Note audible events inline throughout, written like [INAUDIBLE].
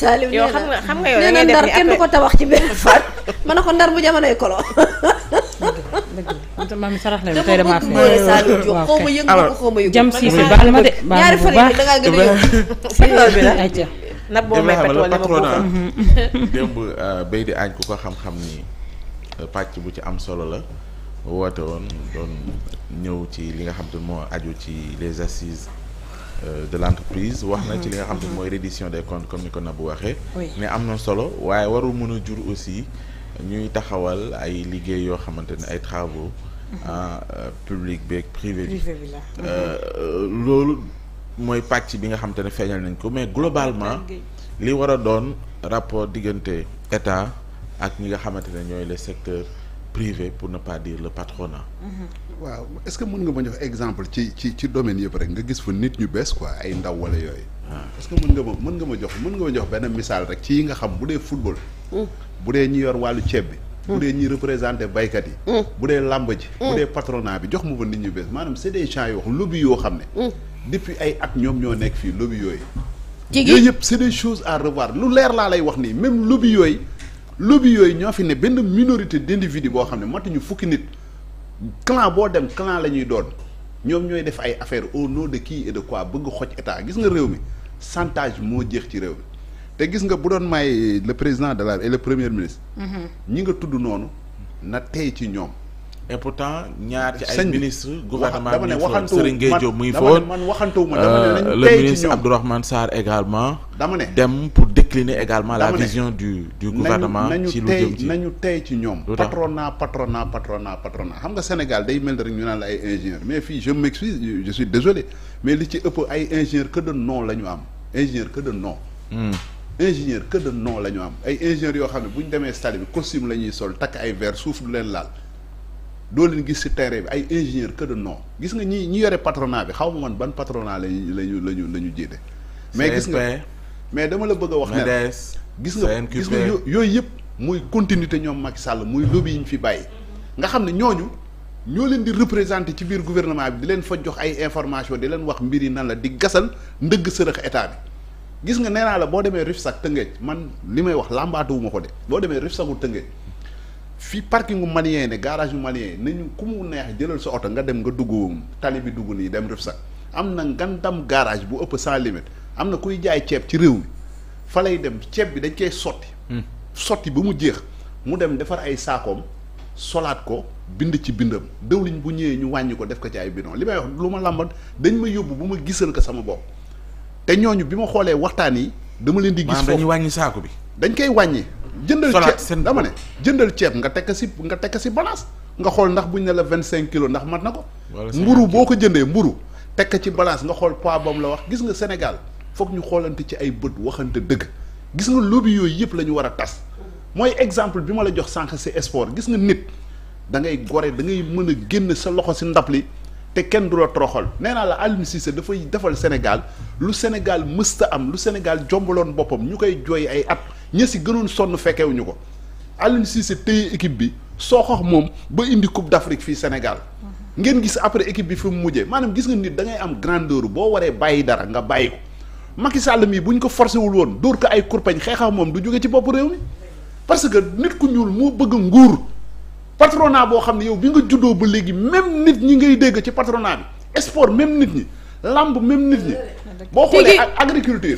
Saliou yow xam nga xam nga yow nee ndar kenn ko tabax ci benn fan. ma ne ko ndar bu jamonoy kolo. dëgg la man sarax la ma de. baal bu baax ñaari fan a yóbbu. nag démb euh, béy di añ ku ko xam-xam ni euh, pàcc bu ci am solo la woote woon doon ñëw ci li nga xam te moo aju ci les assises. Euh, de l'entreprise wax na ci li nga xam ne mooy reddition des comptes comme ni ko Nabou waxee ne am na solo waaye warul mën a jur aussi ñuy taxawal ay liggéey yoo xamante ne ay travaux mhm. ah, euh, public beeg privé bi euh, loolu mooy pàcc bi nga xamante ne feeñal nañ ko mais globalement li war a doon rapport diggante état ak ñi nga xamante ne ñooy les secteurs privé pour ne pas dire le patronat. Mm-hmm. waaw est-ce que mën nga ma jox exemple ci ci ci domaine yëpp rek nga gis fa nit ñu bees quoi ay ndaw wala yooyu. Ah. est-ce que mën nga ma mën nga ma jox mën nga ma jox benn misaal rek ci yi nga xam bu dee football. Mm. bu dee ñi yor wàllu ceeb bi. bu mm. dee ñi représenté baykat yi. Mm. bu dee làmb ji. bu dee patronat bi jox ma fa nit ñu bees maanaam c'est des champs yoo xam lobby yoo xam ne. depuis ay at ñoom ñoo nekk fii lobby yooyu. yooyu yëpp c'est des choses à lu leer laa lay wax nii même lobby yooyu. lobby yooyu ñoo fi ne benn minorité d'individu boo xam ne matuñu fukki nit clan boo dem clan la ñuy doon ñoom ñooy def ay affaire au nom de qui et de quoi bëgg xoj état gis nga réew mi chantage moo jeex ci réew mi te gis nga bu doon may le président de la et la premier ministre. Mhm. ñi nga tudd noonu na tey ci ñoom. et pourtant ñaar ci ay ministre gouvernement bi ñu muy fóon man waxantuwuma dama ne nañu euh, ministre Abdourahmane Sarr également. dama ne dem décliner également la vision du du gouvernement ci lu jëm ci nañu tey ci ñoom patronat patronat patronat patronat xam nga Sénégal day mel rek ñu naan la ay ingénieur mais fii je m'excuse je suis désolé mais li ci ëpp ay ingénieur que de nom la ñu am ingénieur que de nom hmm. ingénieur que de nom la ñu am ay ingénieur yoo xam ne bu ñu demee stade bi costume la ñuy sol takk ay verre suuf du leen laal doo leen gis ci terrain bi ay ingénieur këdd de nom gis nga ñi ñi yore patronat bi xaw ma man ban patronat lañu lañu lañu la ñu jiite mais mais dama la bëgg a wax ne gis nga gis nga yooyu yëpp muy te ñoom Macky Sall muy lobby yi ñu fi bàyyi nga xam ne ñooñu ñoo leen di représenter ci biir gouvernement bi di leen fa jox ay information di leen wax mbir yi nan la di gasal ndëgg sërëx état bi gis nga nee naa la boo demee Rufisque Tëngéej man li may wax làmbaatuwu ko de boo demee Rufisque Tëngéej fii parking malien ne garage malien nañu ku mu neex jëlal sa oto nga dem nga dugg tali bi dugg nii dem Rufisque am na ngandam garage bu ëpp sans limite am na kuy jaay ceeb ci réew mi fa lay dem ceeb bi dañ koy sotti. Hmm. sotti ba mu jeex mu dem defar ay saakoom solaat ko bind ci bindam dëwliñ bu ñëwee ñu wàññi ko def ko ci ay bidon li may wax lu ma làmbat dañ ma yóbbu bu ma gisal ko sama bopp te ñooñu bi ma xoolee waxtaan yi dama leen di. gis foofu wàññi saako bi. dañ koy wàññi. jëndal ceeb dama ne jëndal ceeb nga tekk si nga tekk si balance nga xool ndax buñ ne la vingt cinq kilos ndax mat na ko. mburu boo ko jënde mburu tekk ci balance nga xool la wax gis nga Sénégal foog ñu xoolante ci ay bët waxante dëgg gis nga lobby yooyu yëpp la ñu war a tas mooy exemple bi ma la jox sànq si espoor gis nga nit da ngay gore da ngay mën a génn sa loxo si ndab li te kenn du la toroxal nee naa la Aliou Cissé dafay defal Sénégal lu Sénégal mësta am lu Sénégal jombaloon boppam ñu koy jooy ay at ña gënoon sonn fekkewuñu ko Aliou Cissé téye équipe bi soo sooxox moom ba indi Coupe d'Afrique fii Sénégal ngeen gis après équipe bi fi mu mujjee maanaam gis nga nit da ngay am grandeur boo waree bàyyi dara nga bàyyi ko Macky sàll mii bu ñu ko forcé wul woon dóor ko ay kurpañ xeexam moom du jóge ci bopp réew mi parce que nit ku ñuul moo bëgg nguur patronat boo xam ne yow bi nga juddoo ba léegi même nit ñi ngay dégg ci patronat bi sport même nit ñi lamb même nit ñi boo xoolee agriculture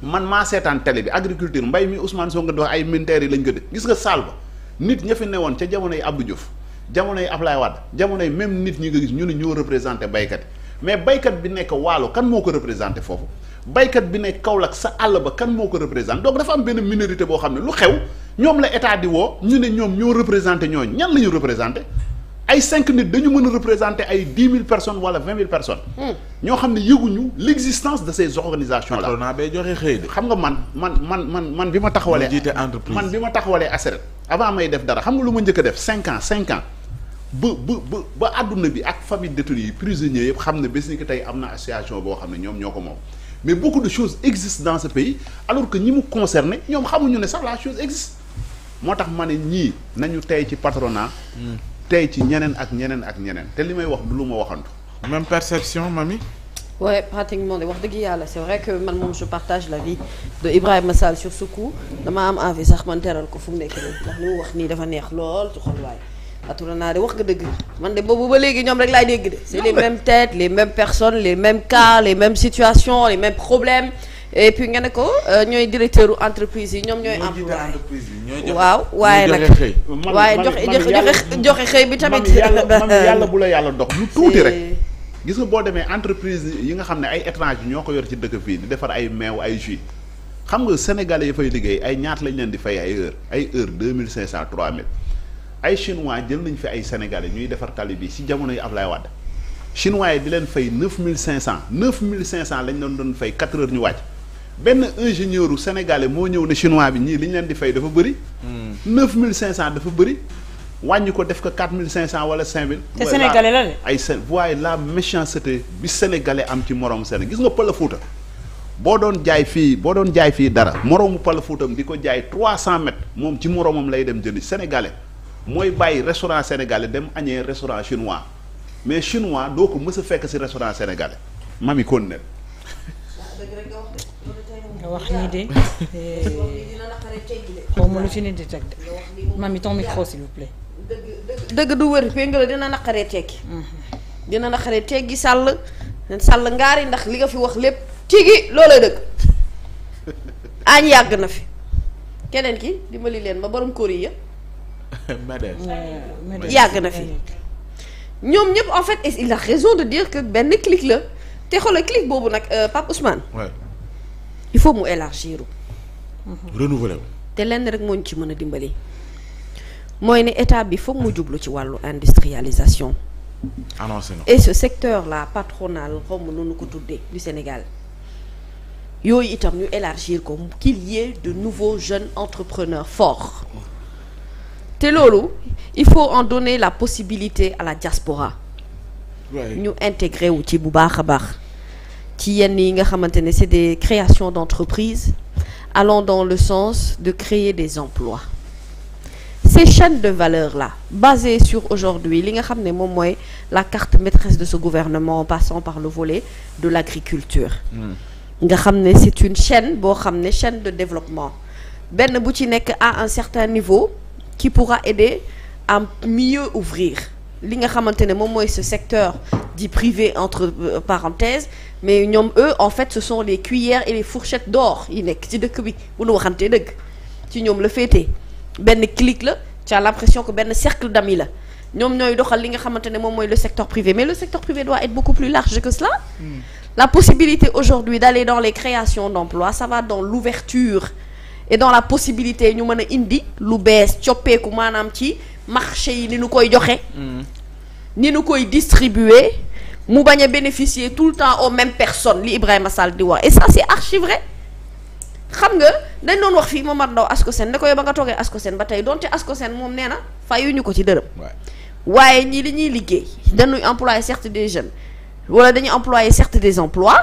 man maa seetaan télé bi agriculture mbay mi Ousmane Sonko di wax ay militaires yi lañ ko def gis nga saal ba nit ña ne woon ca jamono yi Abdou Diouf jamono yi Ablaye Wade jamono yi même nit ñi nga gis ñu ne ñoo représenté baykat yi mais baykat bi nekk waalo kan moo ko représenté foofu baykat bi nekk Kaolack sa àll ba kan moo ko représenté donc dafa am benn minorité boo xam ne lu xew ñoom la état di woo ñu ne ñoom ñoo représenté ñooñu ñan la ñu représenté ay cinq nit dañu mën a représenter ay dix mille personne wala vingt mille personnes. Hmm. ñoo xam ne yëguñu l' existence de ces organisations là. patronat bay xam nga man man man man man bi ma taxawalee. jiite entreprise man bi ma taxawalee ASRED. avant may def dara xam nga lu ma njëkk def cinq ans cinq ans ba ba ba ba bi ak famille détenus yi xam ne bés ni tey am na association boo xam ne ñoom ñoo ko moom. mais beaucoup de choses existent dans ce pays alors que ñi mu concerné ñoom xamuñu ne sax la chose existe moo tax ma ne ñii nañu tey ci patronat. Hmm. tey ci ñeneen ak ñeneen ak ñeneen te li may wax du lu ma waxantu. même perception mami. waaye pratiquement de wax dëgg yàlla c'est vrai que man moom je partage l'avis de Ibrahima Sall sur ce coup dama am envie sax man teral ko fu mu nekk nii ndax li mu wax nii dafa neex lool ci xol Atura naa de wax nga dëgg man de boobu ba léegi ñoom rek laay dégg de. c'est les mêmes têtes les mêmes personnes les mêmes cas les mêmes situations les mêmes problèmes et nga ne ko euh, ñooy directeur entreprise yi ñoom ñooy. employé waaw waaye nag waaye joxe joxe joxe xëy bi tamit. [LAUGHS] yàlla bu la yàlla dox lu tuuti rek. boo demee entreprise yi nga xam ne ay étranger ñoo ko yor ci dëkk fii di defar ay meew ay jus xam nga sénégalais yi fay liggéey ay ñaat lañ leen di fay ay heure ay heure deux mille cinq cent trois mille ay chinois jël nañ fi ay sénégalais ñuy defar tali bi si jamono yu Ablaye Wade chinois yi di leen fay neuf mille cinq cent neuf mille cinq cent lañ doon doon fay quatre heures ñu wàcc benn ingénieur u moo ñëw ne chinois bi ñii li ñu leen di fay dafa bëri. Hmm. neuf mille cinq cent dafa bëri. wàññi ko def ko quatre mille cinq cent wala cinq mille. te sénégalais la de. ay sén waaye la méchanceté bi sénégalais am ci morom Sénégal gis nga Pël Fuuta boo doon jaay fii boo doon jaay fii dara moroomu Pël Fuutam di ko jaay trois cent moom ci moromam lay dem jëndi sénégalais. mooy bàyyi restaurant sénégalais dem añee restaurant chinois mais chinois doo ko mës fekk si restaurant sénégalais mami kon ne nga wax nii de eh, xaw ma lu ci nit di teg de mami ton micro s'il dëgg du wër pénga dina naqaree teggi mhm. dina naqaree teggi sàll sàll ngaari ndax li nga fi wax lépp tigi loolay dëgg [LAUGHS] añ yàgg na fi keneen ki dimbali leen ma borom kóor ya [LAUGHS] yàgg na fi ñoom ñëpp en fait et il a raison de dire que benn clic la te xoolal clic boobu nag euh, Pape Ousmane. il faut mu élargir. Mhm. renouveler te lenn rek moo ñu ci mën a dimbali. mooy ne état bi foog mu jublu ci wàllu industrialisation. annoncé na et ce secteur la patronal xawma noonu ko tuddee du Sénégal yooyu itam ñu élargir ko qu'il y ait de nouveaux jeunes entrepreneurs forts. te loolu il faut en donner la possibilité à la diaspora ñu intégré wu ci bu baax a baax ci yenn yi nga xamante ne c'est des créations d'entreprises allant dans le sens de créer des emplois ces chaînes de valeur là basées sur aujourd'hui li nga xam ne moom mooy la carte maîtresse de ce gouvernement en passant par le volet de l'agriculture hmm. nga xam ne c'est une chaîne boo xam ne chaîne de développement benn bu ci nekk à un certain niveau qui pourra aider à mieux ouvrir li nga xamante ne moom mooy ce secteur dit privé entre euh, parenthèses mais ñoom eux en fait ce sont les cuillères et les fourchettes d'or yi nekk ci dëkk bi bu nu waxantee dëgg ci ñoom la féetee ben clique la tu as l'impression que benn cercle d'amis la ñoom ñooy doxal li nga xamante ne moom mooy le secteur privé mais le secteur privé doit être beaucoup plus large que cela hmm. la possibilité aujourd'hui d'aller dans les créations d'emplois ça et dans la possibilité ñu mën a indi lu bees coppeeku maanaam ci marché yi ni nu koy joxe. Mm. ni nu koy distribuer mu bañ a bénéficier tout le temps aux mêmes personnes li Ibrahima Sall di wax et ça c'est archi xam nga dañ doon wax fii Momar Ndao Ascosen ne ko yow ba nga toogee seen ba tey donte seen moom nee na fayuñu ko ci dërëm. waaye ñii li ñuy liggéey dañuy employer certes des jeunes wala dañuy employer certes des emplois